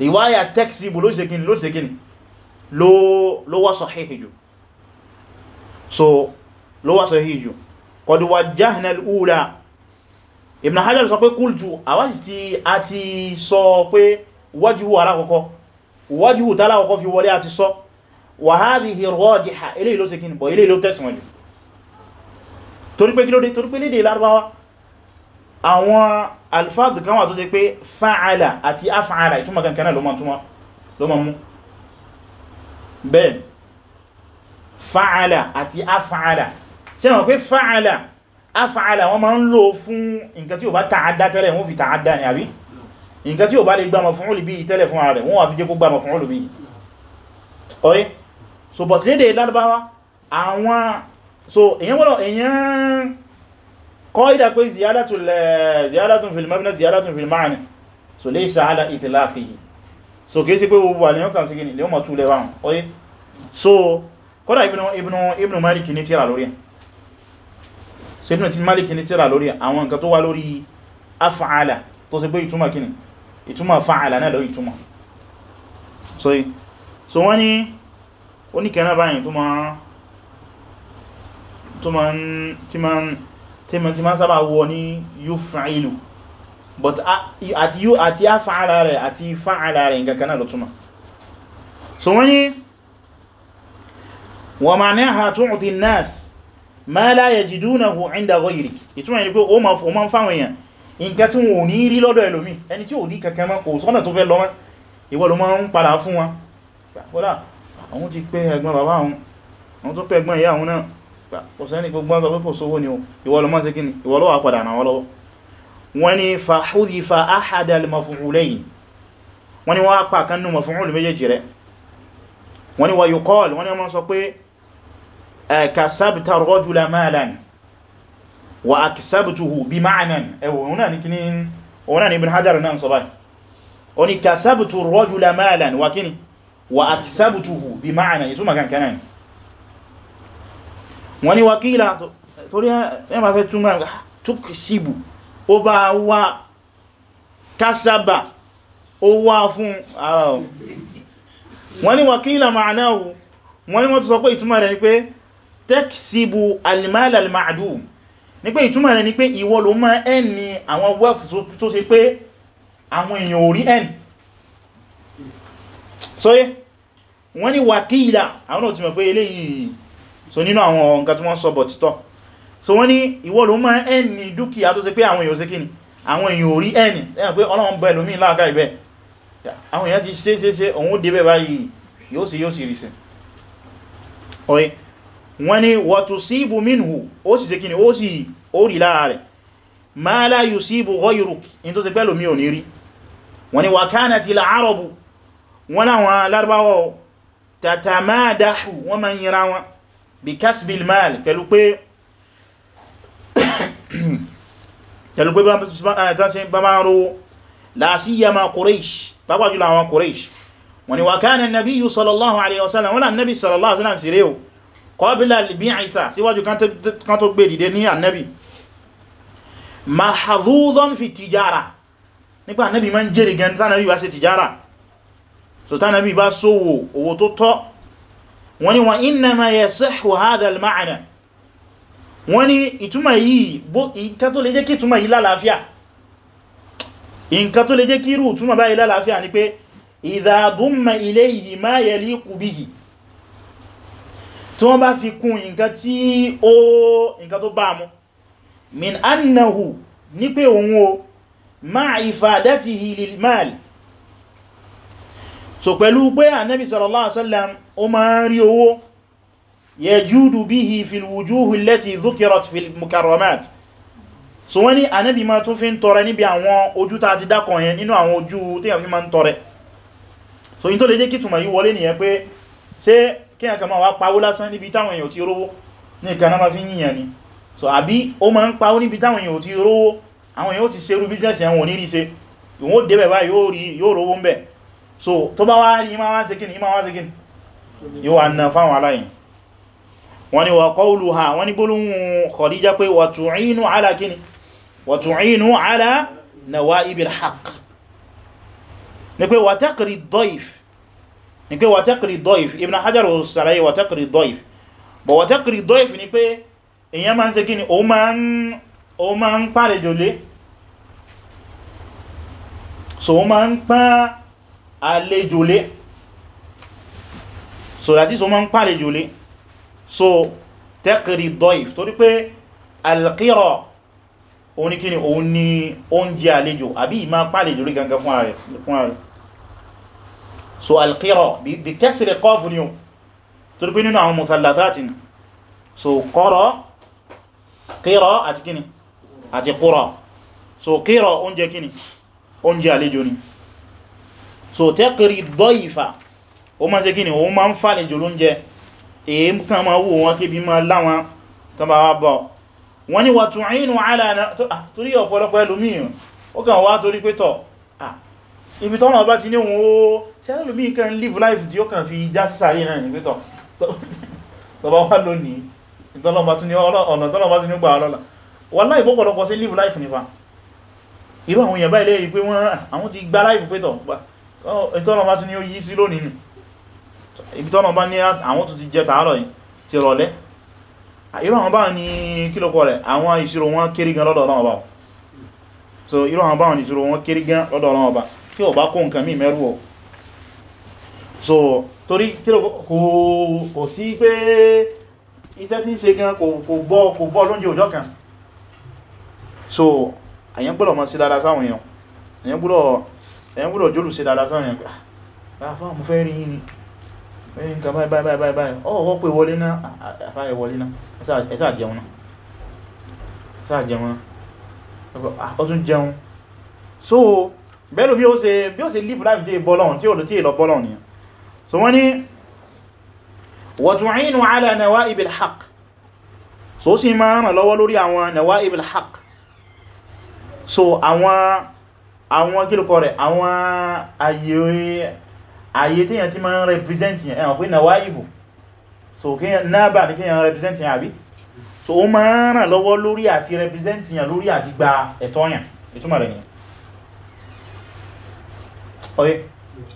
riwaya texibu ló ṣe kíni ló ṣe kíni ló wá sahihi jù so ló wá sahihi jù qad wajjahna al-ula Ibn Hajar sọ pé qultu àwáṣì tí a ti sọ pé wajhu alákọ̀ọ́kọ́ wajhu tàlákọ̀ọ́kọ́ fi wọlé àti sọ wa hadhihi rajiha ilé ìlú ṣe ilé ìlú tẹ̀sùn wọ̀nyí torípé kí torípé lédè lárúbáwá àwọn alfáàdì kan wà tó ṣe pé fa'ala àti af'ala ìtumọ̀ kankan náà ló ma mú bẹ́ẹ̀ fa'ala àti af'ala ṣe wọ́n pé fa'ala af'ala wọ́n ma ń lò fún nǹkan tí ó bá ta'adá tẹ́lẹ̀ wọ́n fi ta'adá ní àbí nǹkan tí ó bá lè gbá maf'ul bihi tẹ́lẹ̀ fún ara rẹ̀ wọ́n wà fi jẹ́ kó gbá maf'ul bihi ọ̀yẹ́ so but lédè lárúbáwá àwọn so èyàn wọ́n qaida pé eh, ziyadatun fil mabna ziyadatun fil ma'na so laysa ala itlaqihi so kìí sí pé gbogbo àníyàn kan sí gini lè ó ma túlẹ̀ wáhùn oye so kódà ibnu malik ní tíra lórí so ibnu malik ní tíra lórí àwọn nǹkan tó wá lórí af'ala tó sì pé ìtumà kini ìtumà fa'ala náà lórí ìtumà so so wọ́n ní oníkẹ́ náà báyìí tó ma ń tí ma ti ma sábà wọ ní yuf'ilu but àti yóò àti a fa'ala rẹ̀ àti fa'ala rẹ̀ nǹkan kanáà lọ́túnmà so wọ́n ni wa ma'naha tu'ti an-nas ma la yajidunahu 'inda ghayrik ìtumọ̀ ni pé o ma ń fáwọn èèyàn nǹkan tí wọ́n ní rí lọ́dọ̀ ẹlòmí ẹni tí ò ní kankan mọ́ kò sọ́nà máa ń padà fún wọn àwọn ti pé ẹ̀gbọ́n kò sẹ́ni gbogbo ọ̀sọ̀ pé kò sówó ni ìwọ̀lọ́ máa ṣe kí ni ìwọ̀lọ́ wà padà náà lọ́wọ́ wọ́n ni fàhúdí fa áhàdà al-maf'ulayn wọ́n ni wọ́n apá kanú maf'ul méjèèjì rẹ̀ wọ́n ni wà yuqal wọ́n ni wọ́n sọ pé kasabta rajula malan wa aksabtuhu wọ́n ní wakílá torí ẹ ma fẹ́ túnmà tuksibu ó bá wá kásábà ó wá fún ara ọ̀ wọ́n ní wakílá ma'anáwó wọ́n ní wọ́n tó sọ pé ìtumọ̀ rẹ̀ ni pé taksibu almal almadum ní pé ìtumọ̀ rẹ̀ ni pé ìwọ ló máa ẹni àwọn wealth tó ṣe wọ́n ní wakílá àwọn ò pé eléyìí so nínú àwọn nǹkan tí wọ́n sọ bọ̀ títọ́ so wọ́n ní ìwọ ló máa ẹni dúkìá tó ṣe pé àwọn èèyàn ṣe kíni àwọn èèyàn orí ẹni lẹ́yìn pé ọlọ́run bọ ẹlòmí láàká ìbẹ̀ àwọn èèyàn ti ṣe ṣe ṣe òun ó débẹ̀ báyìí yóò sì yóò sì rí sí ọ̀yẹ́ wọ́n ní wọ́tù sí ibù mínú ó sì ṣe kíni ó sì ó rí ma ń yíra wọn bí kasbil mal pẹ̀lú pé pẹ̀lú pé bá máa ro lásíyàmá Quraysh pàápàá jùlọ àwọn Quraysh wọ́n ni wa kana an-nabiyyu sallallahu alaihi wasallam wọ́n annabi sallallahu alaihi wasallam sí rẹ̀ qabla al-bi'tha síwájú kan tó gbé dìde ní annabi mahadhudan fi tijara nípa annabi ma ń jẹ́rì gan tánàbí bá ṣe tijara so tánàbí bá sówò owó tó tọ́ wọ́n ní wọ́n innama yasihhu hadha al-ma'na wọ́n ní ìtumọ̀ yìí nǹkan tó lè jẹ́ kí ìtumọ̀ yìí lálàáfíà nǹkan tó lè jẹ́ kí irú ìtumọ̀ báyìí lálàáfíà ni pé idha dumma ilayhi ma yaliqu bihi tí wọ́n bá fi kún nǹkan tí ó nǹkan tó bá mú min annahu ní pé òun o ma'a ifadatihi lil mal so pẹ̀lú pé ànábì sallallahu alaihi wasallam ó máa ń rí owó yajudu bihi fil wujuhi allati dhukirat fil mukarramat so wọ́n ní ànábì máa tún fi ń tọrẹ níbi àwọn ojú tá ti dákọ̀ yẹn nínú àwọn ojú tí fi máa ń tọrẹ so nìyẹn pé so tó bá wá rí ima wá ṣe kíni ima wá ṣe kíni yóò wá ná fáwọn aláyìn wọ́n ni wa qawluha wọ́n ni gbólóhùn Khadija pé wa tu'inu ala kíni wa tu'inu ala nawa'ibil haqq ni pé wa taqri ad ni pé wa taqri ad Ibn Hajar sàlàyé wa taqri ad-dayf wa taqri ad-dayf ni pé èyàn máa ń ṣe kíni o máa ń pàlejò lé so o máa alejòlé so láti so ma ń pàlejòlé so tẹ́kìrì dọ́if torí pé alkírọ̀ oníkíni òun ni oúnjẹ àlejò àbí ìmá pàlejòlé gangan fún ààrẹ so alkírọ̀ bí kẹsìrì kọfù ni o torí pé nínú àwọn mùsàlátàtì so kọ́rọ̀ kírọ̀ àti kíni àti kúrọ̀ so kírọ̀ oúnjẹ kíni oúnjẹ àlejò ni so tẹ́kìrì dọ́ìfà o ma ń ṣe kí ni o ma ń fàlẹ̀ jò lóúnjẹ èyí kan ma wò wọn kébí ma láwọn tàbàwà bọ̀ wọ́n ni wà tún àyínú àlànà torí ọ̀pọ̀lọpọ̀ ẹlòmíyàn ó kàn wá torí pé tọ̀ ibi tọ́nà ọba ti ní live life tí ó kàn fi já sísàrí náà ní pé tọ̀ tọba wá lónìí ọ̀nà tọ́lọ́ba tún ní gbà ọlọ́lá wọ́n láì bọ́pọ̀lọpọ̀ sí live life nípa irú àwọn èèyàn báyìí lẹ́yìn ti gbá life pé tọ̀ ìtọ́nà bá tún ní ó yí sí lónìí ibi tọ́nà bá ní àwọn tó ti jẹ tààrọ̀ ti rọ̀lẹ́ irú àwọn báwọn ní kílòkọ rẹ̀ àwọn ìṣirò wọn kéré gan lọ́dọ̀ ọlọ́ọ̀bá so irú mí mẹ́rù ọ̀ so torí kò sí pé iṣẹ́ tí ń ṣe gan kò bọ́ lóúnjẹ òjọ́ kan so àyẹ́gbọ́lọ̀ mọ́ sí dáadáa sáwọn èèyàn àyẹ́gbọ́lọ̀ ẹ̀yìn gbọ́dọ̀ jólù sí dáadáa sáwọn ẹ̀yìn àfá mo fẹ́ rí yìí ní nǹkan báyìí báyìí báyìí báyìí ọwọ́ pé wọlé náà àfá ah, ah, ah, ẹ̀ wọlé náà ẹ̀sà jẹun náà so bẹ́lú bí ó ṣe bí ó ṣe live life tí bọ́lọ́n tí ó lọ tí ìlọ bọ́lọ́n so wọ́n ni watu'inu ala nawaibil haqq so ó ràn lọ́wọ́ lórí àwọn nawaibil haqq so àwọn àwọn kílùkọ rẹ̀ àwọn àyè tí yàn ti máa ń represent yàn ẹ̀wọ̀n pé náwà ìbò so náàbà ní kí yàn represent yàn àbí so ó máa ń ràn lọ́wọ́ lórí àti represent yàn lórí àti gba ẹ̀tọ́ yàn ìtumọ̀ rẹ̀ nìyàn ọ̀yẹ́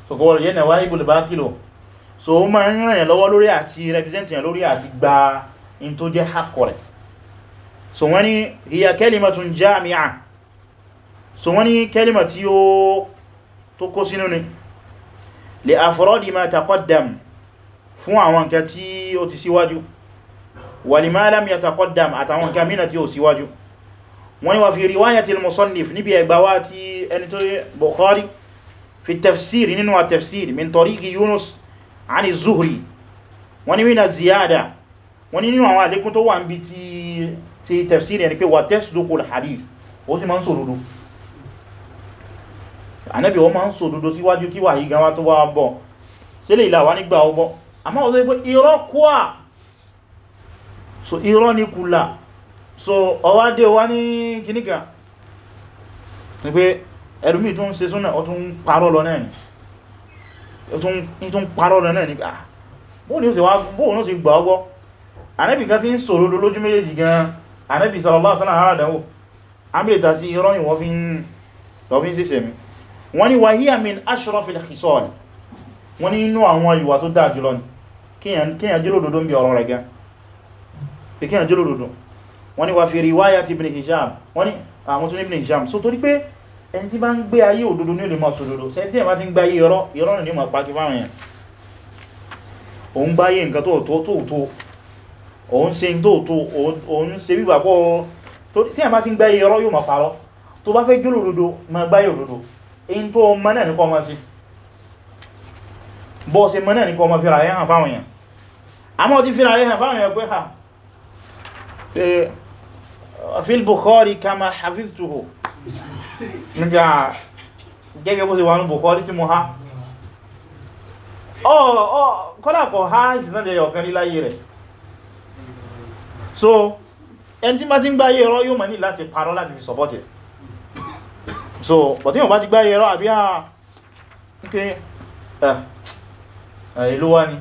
so kọ́ wọ́n yẹ́ náwà lè bá kílò so ó máa ń ràn lọ́wọ́ lórí àti represent yàn lórí àti gba in tó jẹ́ hakọ̀ rẹ̀ so wọ́n ni hiya jami'a so wọ́n ní kẹ́lìmà tí ó tó kó sínú ni lè àfọ́rọ́dì ma taqaddam fún àwọn nǹkan tí ó ti síwájú wà lè máa lámìyà taqaddam àtàwọn nǹkan mìíràn tí ó síwájú wọ́n ní wà fi riwayati al-musannif níbi ẹgbàwá ti ẹni tó Bukhari fi tafsir nínú wa tafsir min tariqi Yunus ani Zuhri wọ́n ní ziyada wọ́n nínú àwọn àlékún tó wà ń bi ti tafsir ẹni pé wà tasduqul hadith ó sì máa ń sòròdó ànábì wọ́n máa ń sọ dodo síwájú kíwà yìí gan wá tó wá bọ̀ sílẹ̀ ìlàwà nígbà ọgbọ́ àmá ọ̀dọ́ ipé irọ́ kúà so irọ́ ní kùlà so ọwádé wá ní kìníkà ní pé ẹ̀rùmí tó ń ṣe súnà ó tún parọ́ lọ náà ni tún parọ́ lọ náà ni pé bóò ní ó sì gbà ọgbọ́ ànábì kan ti ń sọ dodo lójú méjèèjì sísẹ̀mí wọ́n ni wàhíyà min ashrafil khisal wọ́n ni inú àwọn ìwà tó dáa jùlọ ní kíyàn jẹ́ lódodo ń bí ọ̀rọ̀ rẹ̀ gan kíyàn jẹ́ lódodo wọ́n ni wà fi riwaya ti ibn hisham wọ́n ni àwọn tún ibn hisham so torí pé ẹni tí bá ń gbé ayé òdodo ní olè mọ́ sódodo sẹ́yìn tí ẹ̀ bá ti ń gbá ayé ọ̀rọ̀ ìrọ̀rùn ní mọ̀ pàkí fáwọn èèyàn òun gbá ayé nǹkan tó bá fẹ́ jólòdodo mọ̀ gbá ayé in tó mọ́ náà ní kọ́ mọ́ sí bọ́ sí mọ́ náà ní kọ́ mọ́ fíra ẹ̀hàn fáwọn èèyàn àmọ́ ti fíra ẹ̀hàn fáwọn èèyàn pé ha pé fil Bukhari kama hafiztuhu nígbà gẹ́gẹ́ bó ṣe wà ní Bukhari tí mo ha kọ́lákọ̀ ha ìsìnlẹ̀ ọ̀kan níláyé rẹ̀ so ẹni tí ma ti ń gbáyé ọ̀rọ̀ yóò mọ̀ ní láti parọ́ láti fi sọ̀pọ̀tẹ̀ so bọ̀tí yóò bá ti gbáyé ẹ̀rọ àbí àà nke ẹ̀ ìlúwá ni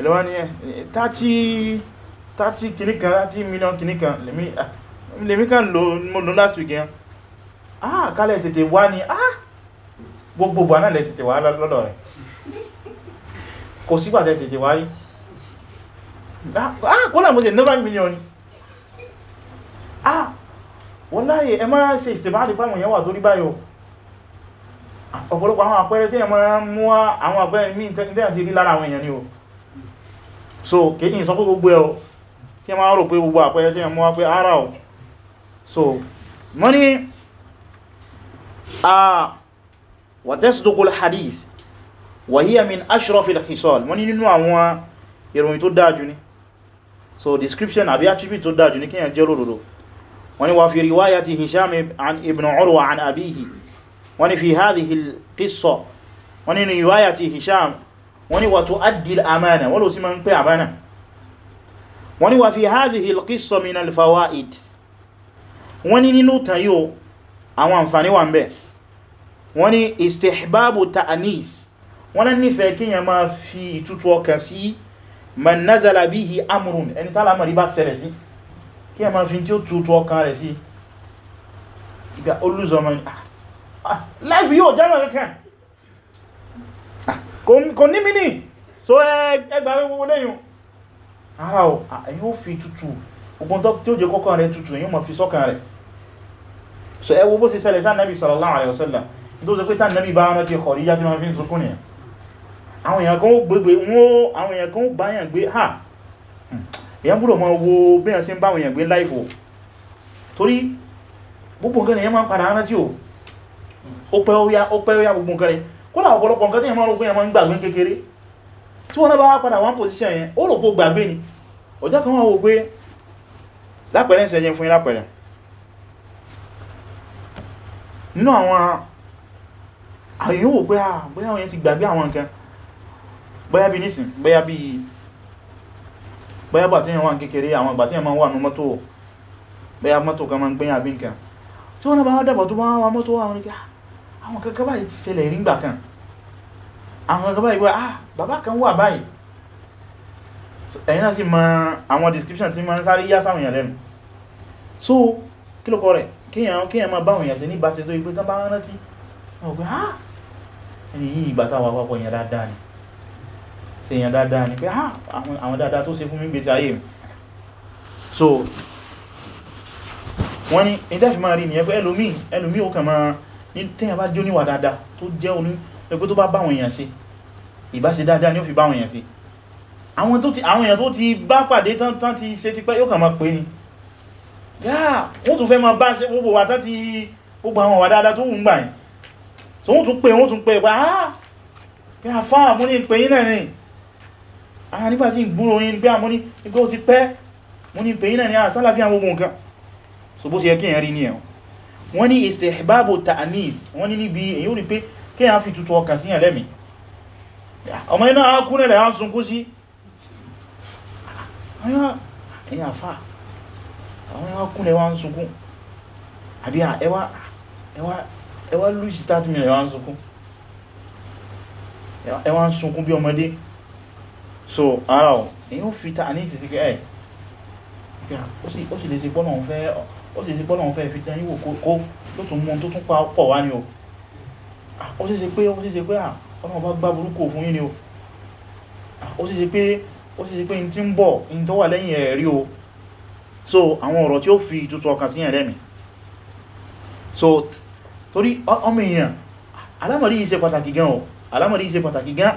ìlúwá ni ẹ̀ tàti kìníkan tàti mílíọ̀n kìníkan lèmí kan lò last week yẹn ah kálẹ̀ tètè wá ni ah gbogbogbò náà lẹ tètè wá lọ́dọ̀ rẹ̀ kò sígbàtẹ̀ tètè ah, ah kó náà mo tẹ̀ million ah wọ́n láyé ẹ máa ṣe ìsìtìbáàdì pàwọn èèyàn wà tó rí báyọ̀ ọ̀pọ̀lọpọ̀ àwọn àpẹẹrẹ tí ẹ máa ń mú àwọn àpẹẹrẹ mí tẹ́yà sí rí lára àwọn èèyàn ni o so kéjì sọ pé gbogbo ẹ o tí ẹ máa rò pé gbogbo àpẹẹrẹ tí so mọ́ ní a wàtẹ́sùdógó hadith wàhíyà min ashrafil khisal mọ́ ní nínú àwọn so description àbí attribute tó dájú ni kíyàn jẹ́ lódòdó wani wa fi riwayati hisham an ibn urwa an abihi wani fi hadhihi al-qissa wani riwayati hisham wani wa tuaddi al-amana walo si man pe amana wani wa fi hadhihi al-qissa min al wani nínú tan yo àwọn àǹfààní wà ńbẹ̀ wani istihbabu ta'anis wani nífẹ̀ẹ́ kiyan ma fi ìtutù ọkàn sí man nazala bihi amrun ẹni tala mari ba ṣẹlẹ̀ sí kí ẹ ma fi tí ó tuntun ọkàn rẹ̀ sí ìgbà olùzọmọ ni ah, ah, láìfì yóò jẹ́mọ̀ kankan ah, kò ní mini so ẹgbà gbogbo lẹ́yìn ara ọ̀ yóò fi tutù ogun tí ó jẹ kọ́kàn rẹ̀ tutù yóò ma fi sọ́kàn rẹ̀ so ẹ bó ṣe ṣẹlẹ̀ sáà èyàn gbọ́dọ̀ máa wo bẹ́ẹ̀ sí ń báwọn èyàn gbé láìfò torí gbogbo nǹkan èyàn máa ń padà rántí o ó gbogbo nǹkan rẹ̀ kódà ọ̀pọ̀lọpọ̀ nǹkan tí èyàn máa rò pé máa ń gbàgbé kékeré tí wọ́n bá padà wọ́n pòsíṣẹ́ bóyá gbà tí yẹn wà ní kékeré àwọn ìgbà tí yẹn máa wà ní mọ́tò bóyá mọ́tò kan máa ń gbẹ́yìn àbí nǹkan tí wọ́n bá dàbọ̀ tó bá wà mọ́tò ah, àwọn nìkan àwọn kankan báyìí ti ṣẹlẹ̀ rí gbà kan àwọn kankan báyìí wọ́n ah bàbá kan wà báyìí ẹ̀yìn náà sì mọ àwọn description tí máa ń sáré yá sáwọn so kí ló kọ rẹ̀ kíyàn máa báwọn èèyàn sí ní ìbáṣe tó ipé tán bá rántí wọ́n pé ah ẹni yìí ìgbà ni ṣe èyàn dáadáa ni pé ah, àwọn dáadáa tó ṣe fún mi gbèsè ayé so wọ́n ni ìtẹ́fì máa rí nìyẹn pé ẹlòmí ẹlòmí ó kàn máa ní tẹ́yàn bá jó níwà dáadáa tó jẹ́ oní ẹgbẹ́ tó bá báwọn èèyàn ṣe ìbáṣe dáadáa ni ó fi báwọn èèyàn ṣe àwọn èèyàn tó ti bá pàdé tán ti ṣe ti pẹ́ yóò kàn máa pè ní yáà wọ́n tún fẹ́ máa bá ṣe gbogbo wà tán ti gbogbo àwọn wà dáadáa tó wù ń gbà so wọ́n tún pè wọ́n tún pè pé àá ah, pé àfáà mú ní ìpè yín náà ni ah nígbàtí ìgbúrò yìí pé àmúní nígbà ó ti pẹ́ mú ní pè náà ni a ah, sálàfí àwọn ogun nǹkan so bó ṣe yẹ kí èyàn rí ní ẹ̀wọ̀n wọ́n ní istihbabu ta'anis wọ́n ní níbi èyí ó rí pé kí èyàn fi tutù ọkàn síyàn lẹ́mìí ọmọ iná akú nílẹ̀ a sunkún sí ẹ̀yà àfà àwọn ẹwà kún ẹwà ń sunkún àbí ẹwà lùsí 30 million ẹwà ń sunkún bí ọmọdé so ara ọ̀ èyí ó fi ta ní ìsìsí pé ẹ̀ ó sì lè ṣe bọ́lọ̀ ń fẹ́ ó sì lè ṣe bọ́lọ̀ ń fẹ́ fi dán yíwò kó ló tún mú tó tún pa pọ̀ wá ni o ah, ó sì ṣe pé ó sì ṣe pé ah, ọmọ bá gbá burúkú fún yín ni o ah, ó sì ṣe pé ó sì ṣe pé in ti ń bọ̀ in tó wà lẹ́yìn ẹ̀ rí o so àwọn ọ̀rọ̀ tí ó fi ìtútù ọkàn sí ẹ̀rẹ́ mi so torí ọmọ èèyàn alámọ̀rí yìí ṣe pàtàkì gan o alámọ̀rí yìí ṣe pàtàkì gan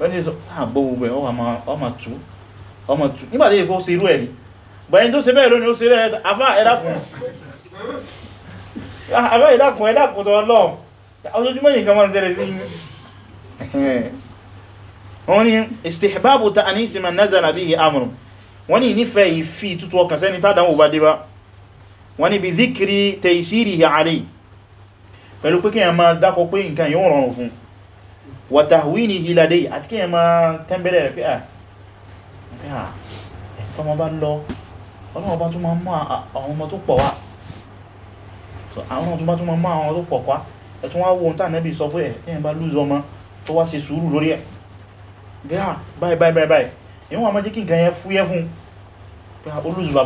wẹ́n ah, tí sàbọ̀ gbogbo ẹ̀ ọmọ tú nígbàtí ìfẹ́ ó ṣe irú ẹ̀ ní bẹ̀yìn tó ṣe bẹ́ẹ̀ lónìí ó ṣe rẹ̀ afá ẹ̀dàkùn ẹ̀dàkùn tó lọ ọjọ́júmọ́ yìí kan wọ́n zẹ̀rẹ̀ sí wọ́n ni istihbabu ta'anisi man nazara bihi amrun wọ́n ni nífẹ̀ẹ́ ìfi tútù ọkàn sẹ́ni tádàwò bá dé bá wọ́n ni bí dhikri taysirihi alayhi pẹ̀lú pé kí ẹ máa dákọ pé nǹkan yóò rọrùn fún un wa tahwinihi ladayhi àti kí ẹ ma tẹ́m̀bẹ̀rẹ̀ rẹ̀ pé à ah, ah, tọmọ bá lọ ọlọ́wọ́ bá tún ma mọ́ àwọn ọmọ tó pọ̀ wá àwọn ọmọ tó ma mọ́ àwọn tó pọ̀ kwá ẹ̀tún wá wọ́n tàà nẹ́bí sọ fún ẹ̀ tí ẹ bá lúzọ ọmọ tó wá ṣe sùúrù lórí ẹ̀ gá ah, báyìí báyìí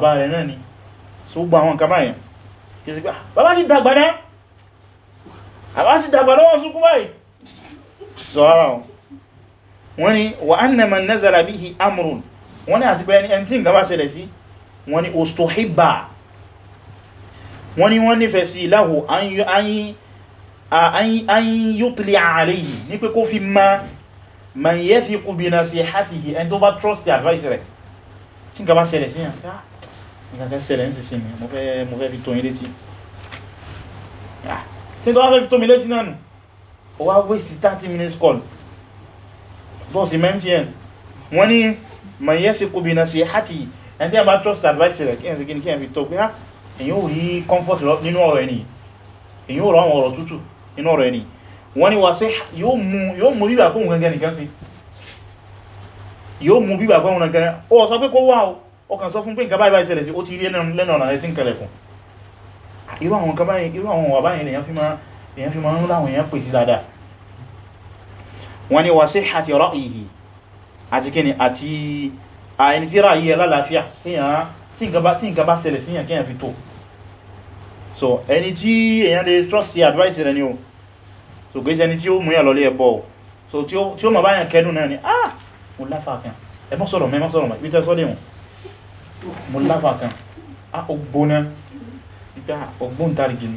báyìí ni so gbọ́ àwọn nǹkan báyìí kí sí pé bàbá ti dàgbà náà bàbá dàgbà lọ́wọ́ sùkú báyìí sọ́rọ̀ wọ́n ni wà annama nazara bihi amrun wọ́n ni àti bẹ́ẹ̀ni ẹni tí n gaba ṣẹlẹ̀ sí wọ́n ni ostohibba wọ́n ni wọ́n nífẹ̀ẹ́ sí lahu an yutli alayhi ní pé kó fi ma man yathiqu bi nasihatihi ẹni tó bá trust advice rẹ̀ ó wá waste 30 minutes call bọ́ọ̀sì mtn wọ́n ní ma yẹ́ sí kóbi na sí hati ẹni tí a trust advice rẹ̀ kí ẹ̀ sí kí ẹ̀ fi tọ́ pé á ah, èyí ò rí comfort nínú ọ̀rọ̀ ẹni èyí ò rọ àwọn ọ̀rọ̀ tútù nínú ọ̀rọ̀ ẹni wọ́n ní wà sí yóò mú bíbà kóhun gangan nìkan sí yóò mú bíbà kóhun gangan ó sọ pé kó wà ó ọkàn sọ fún pé nǹkan báyìí báyìí ṣẹlẹ̀ sí ó ti rí lẹ́nà ọ̀nà rẹ̀ tí ń kalẹ̀ fún irú àwọn wà báyìí lèyàn fi máa èyàn fi máa ń láwọn èyàn pèsè dáadáa wọ́n ni wà sí àti ọ̀rọ̀ ìhì àti kíni àti àyẹni sí ráyí ẹ lálàáfíà tí nǹkan bá ṣẹlẹ̀ síyàn kíyàn fi tó so ẹni tí èyàn lè trust the advice rẹ ni o so gbé ẹni tí ó mú yàn lọlé ẹbọ so tí ó mọ̀ báyàn kẹ́dùn náà ni ah mo láfà kan ẹmọ́ sọ̀rọ̀ mẹ́mọ́ sọ̀rọ̀ mọ̀ ìpítẹ́ sọ́lé wọn mo láfà kan ah ni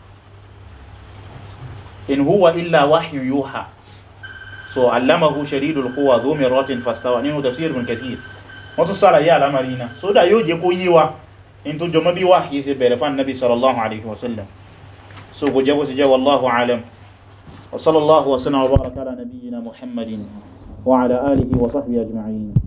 in huwa illa wahyu yuha so allamahu shadidul quwa dhu miratin fastawa nínú tafsir ibn kathir wọ́n tún sara ya alamari na so da yóò jẹ́ kó yi wa in tó jọmọ́ bí wahyi ṣe bẹ̀rẹ̀ fan nabi sallallahu alaihi wasallam so go jẹ́ kó ṣe jẹ́ wallahu alam wa sallallahu wa sallam wa baraka ala nabiyyina muhammadin wa ala alihi wa sahbihi ajma'in